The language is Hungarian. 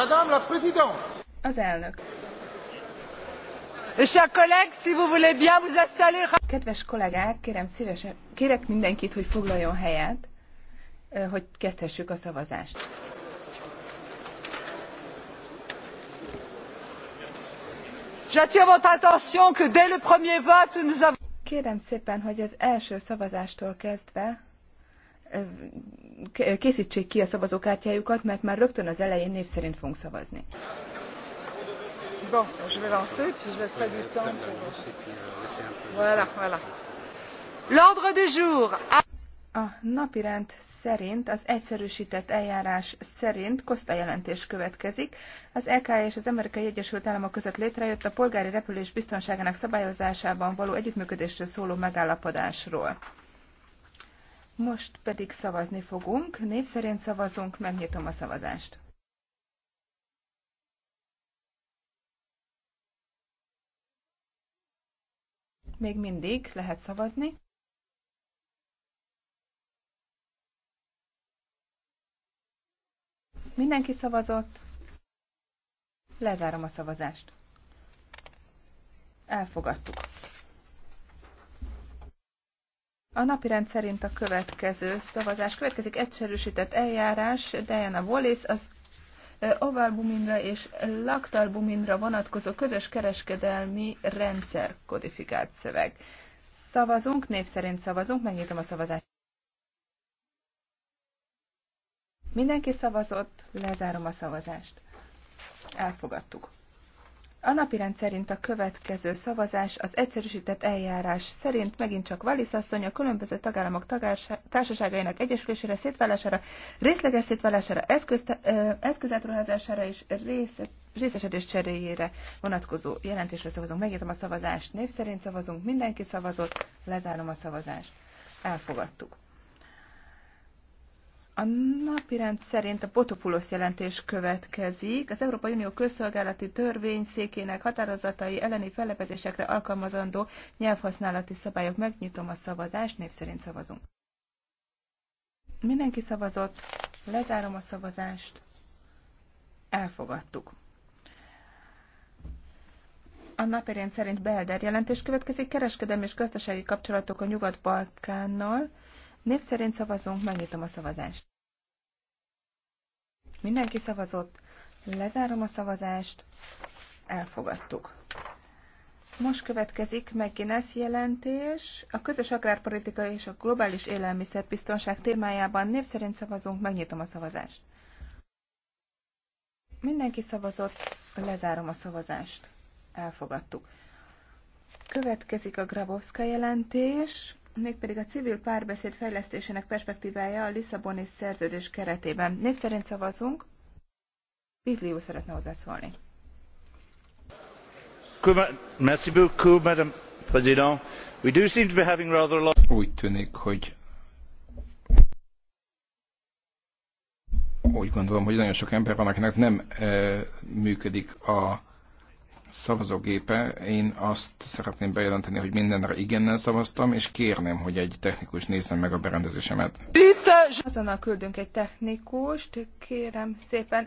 Madame la Présidente. Az elnök. És a kollég, si vous vous voulez bien installer. Kedves kollégák, kérem szívesen, kérek mindenkit, hogy foglaljon helyet, hogy kezdhessük a szavazást. J'attire votre attention que dès le premier vote, nous avons... Kérem szépen, hogy az első szavazástól kezdve készítsék ki a szavazókártyájukat, mert már rögtön az elején név szerint fogunk szavazni. Bon, je vais lancer, puis je laisserai du temps pour... Voilà, voilà. L'ordre du jour. A napirend szerint, az egyszerűsített eljárás szerint Kosta jelentés következik. Az LK és az Amerikai Egyesült Államok között létrejött a polgári repülés biztonságának szabályozásában való együttműködésről szóló megállapodásról. Most pedig szavazni fogunk, név szerint szavazunk, megnyitom a szavazást. Még mindig lehet szavazni. Mindenki szavazott. Lezárom a szavazást. Elfogadtuk. A napi rend szerint a következő szavazás következik. Egyszerűsített eljárás Diana Wallis az ovalbumimra és laktalbumimra vonatkozó közös kereskedelmi rendszer kodifikált szöveg. Szavazunk, név szerint szavazunk, megnyitom a szavazást. Mindenki szavazott, lezárom a szavazást. Elfogadtuk. A napirend szerint a következő szavazás az egyszerűsített eljárás szerint megint csak Wallis asszony a különböző tagállamok tagársa, társaságainak egyesülésére, szétválására, részleges szétválására, eszközátruházására és rész, részesedés cseréjére vonatkozó jelentésre szavazunk. Megnyitom a szavazást, név szerint szavazunk, mindenki szavazott, lezárom a szavazást. Elfogadtuk. A napi rend szerint a Potopulos jelentés következik. Az Európai Unió közszolgálati törvényszékének határozatai elleni fellepezésekre alkalmazandó nyelvhasználati szabályok. Megnyitom a szavazást, név szerint szavazunk. Mindenki szavazott, lezárom a szavazást, elfogadtuk. A napirend szerint Belder jelentés következik, kereskedelmi és gazdasági kapcsolatok a Nyugat-Balkánnal. Név szerint szavazunk, megnyitom a szavazást. Mindenki szavazott, lezárom a szavazást, elfogadtuk. Most következik McGuinness jelentés. A közös agrárpolitika és a globális élelmiszerbiztonság témájában név szerint szavazunk, megnyitom a szavazást. Mindenki szavazott, lezárom a szavazást. Elfogadtuk. Következik a Grabowska jelentés mégpedig a civil párbeszéd fejlesztésének perspektívája a Lisszaboni szerződés keretében. Név szerint szavazunk. Bizli úr szeretne hozzászólni. Úgy tűnik, hogy úgy gondolom, hogy nagyon sok ember van, akinek nem e, működik a szavazógépe, én azt szeretném bejelenteni, hogy mindenre igennel szavaztam, és kérném, hogy egy technikus nézzen meg a berendezésemet. Azonnal küldünk egy technikust, kérem szépen.